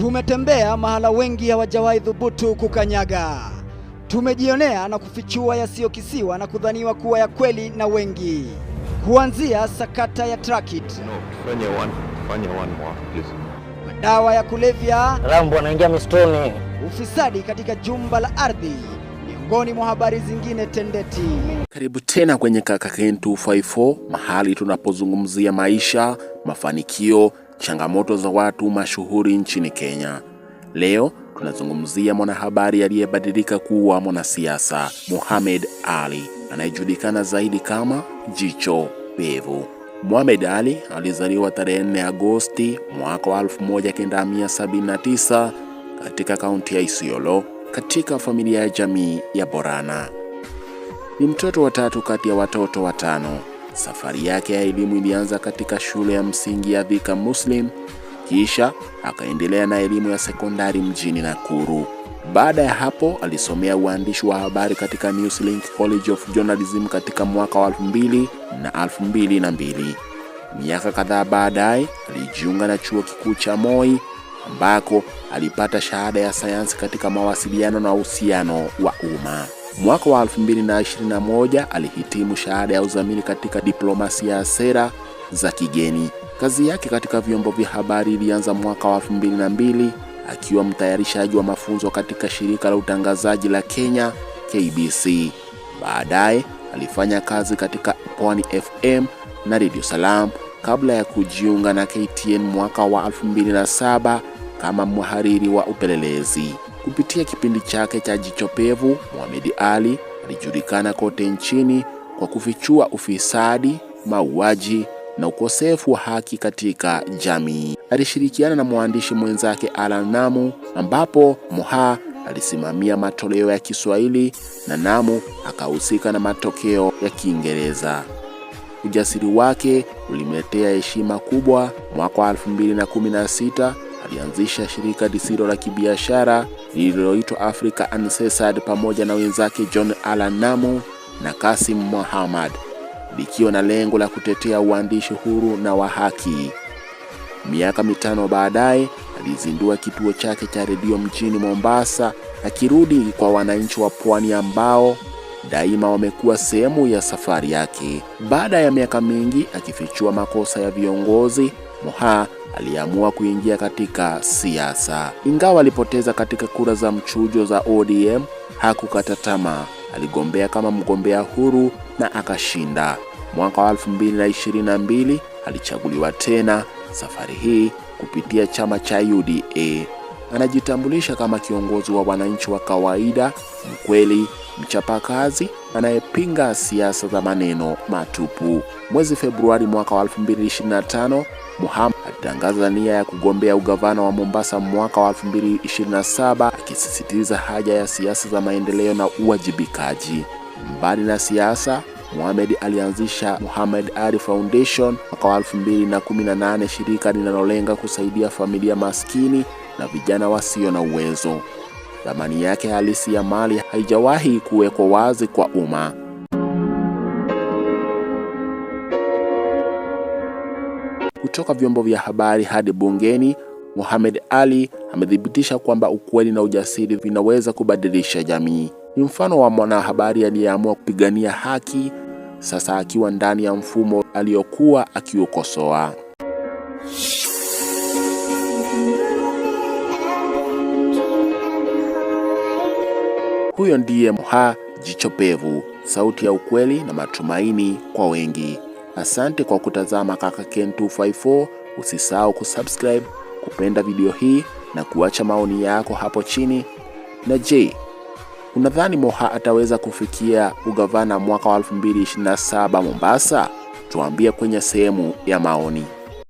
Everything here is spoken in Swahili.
Tumetembea mahala wengi hawajawahi dhubutu kukanyaga. Tumejionea na kufichua yasiyokisiwa na kudhaniwa kuwa ya kweli na wengi, kuanzia sakata ya trakit, madawa ya kulevya, rambo anaingia mistoni, ufisadi katika jumba la ardhi, miongoni mwa habari zingine tendeti. Karibu tena kwenye Kaka Ken 254, mahali tunapozungumzia maisha, mafanikio changamoto za watu mashuhuri nchini Kenya. Leo tunazungumzia mwanahabari aliyebadilika kuwa mwanasiasa Muhammad Ali anayejulikana zaidi kama Jicho Pevu. Muhammad Ali alizaliwa tarehe 4 Agosti mwaka wa 1979 katika kaunti ya Isiolo katika familia ya jamii ya Borana. Ni mtoto wa tatu kati ya watoto watano Safari yake ya elimu ilianza katika shule ya msingi ya Thika Muslim, kisha akaendelea na elimu ya sekondari mjini Nakuru. Baada ya hapo alisomea uandishi wa habari katika Newslink College of Journalism katika mwaka wa 2000 na 2002. Miaka kadhaa baadaye alijiunga na chuo kikuu cha Moi ambako alipata shahada ya sayansi katika mawasiliano na uhusiano wa umma. Mwaka wa 2021 alihitimu shahada ya uzamili katika diplomasia ya sera za kigeni. Kazi yake katika vyombo vya habari ilianza mwaka wa 2002 akiwa mtayarishaji wa mafunzo katika shirika la utangazaji la Kenya KBC. Baadaye alifanya kazi katika Pwani FM na Radio Salam kabla ya kujiunga na KTN mwaka wa 2007 kama mhariri wa upelelezi. Kupitia kipindi chake cha Jicho Pevu, Mohamed Ali alijulikana kote nchini kwa kufichua ufisadi, mauaji na ukosefu wa haki katika jamii. Alishirikiana na mwandishi mwenzake Alan Namu, ambapo Moha alisimamia matoleo ya Kiswahili na Namu akahusika na matokeo ya Kiingereza. Ujasiri wake ulimletea heshima kubwa. Mwaka 2016 alianzisha shirika lisilo la kibiashara lililoitwa Africa Uncensored pamoja na wenzake John Alan Namu na Kasim Muhammad likiwa na lengo la kutetea uandishi huru na wa haki. Miaka mitano baadaye alizindua kituo chake cha redio mjini Mombasa, akirudi kwa wananchi wa pwani ambao daima wamekuwa sehemu ya safari yake. Baada ya miaka mingi akifichua makosa ya viongozi, Moha aliamua kuingia katika siasa. Ingawa alipoteza katika kura za mchujo za ODM, hakukata tamaa. Aligombea kama mgombea huru na akashinda. Mwaka wa 2022 alichaguliwa tena, safari hii kupitia chama cha UDA. Anajitambulisha kama kiongozi wa wananchi wa kawaida, mkweli mchapakazi anayepinga siasa za maneno matupu. Mwezi Februari mwaka wa 2025, Muhammad alitangaza nia ya kugombea ugavana wa Mombasa mwaka wa 2027, akisisitiza haja ya siasa za maendeleo na uwajibikaji. Mbali na siasa, Mohamed alianzisha Mohamed Ali Foundation mwaka wa 2018, shirika linalolenga kusaidia familia maskini na vijana wasio na uwezo thamani yake halisi ya mali haijawahi kuwekwa wazi kwa umma. Kutoka vyombo vya habari hadi bungeni, Mohamed Ali amethibitisha kwamba ukweli na ujasiri vinaweza kubadilisha jamii. Ni mfano wa mwanahabari aliyeamua kupigania haki, sasa akiwa ndani ya mfumo aliyokuwa akiukosoa. Huyo ndiye Moha Jicho Pevu, sauti ya ukweli na matumaini kwa wengi. Asante kwa kutazama Kaka Ken 254. Usisahau kusubscribe, kupenda video hii na kuacha maoni yako hapo chini. Na je, unadhani Moha ataweza kufikia ugavana mwaka wa 2027 Mombasa? Tuambie kwenye sehemu ya maoni.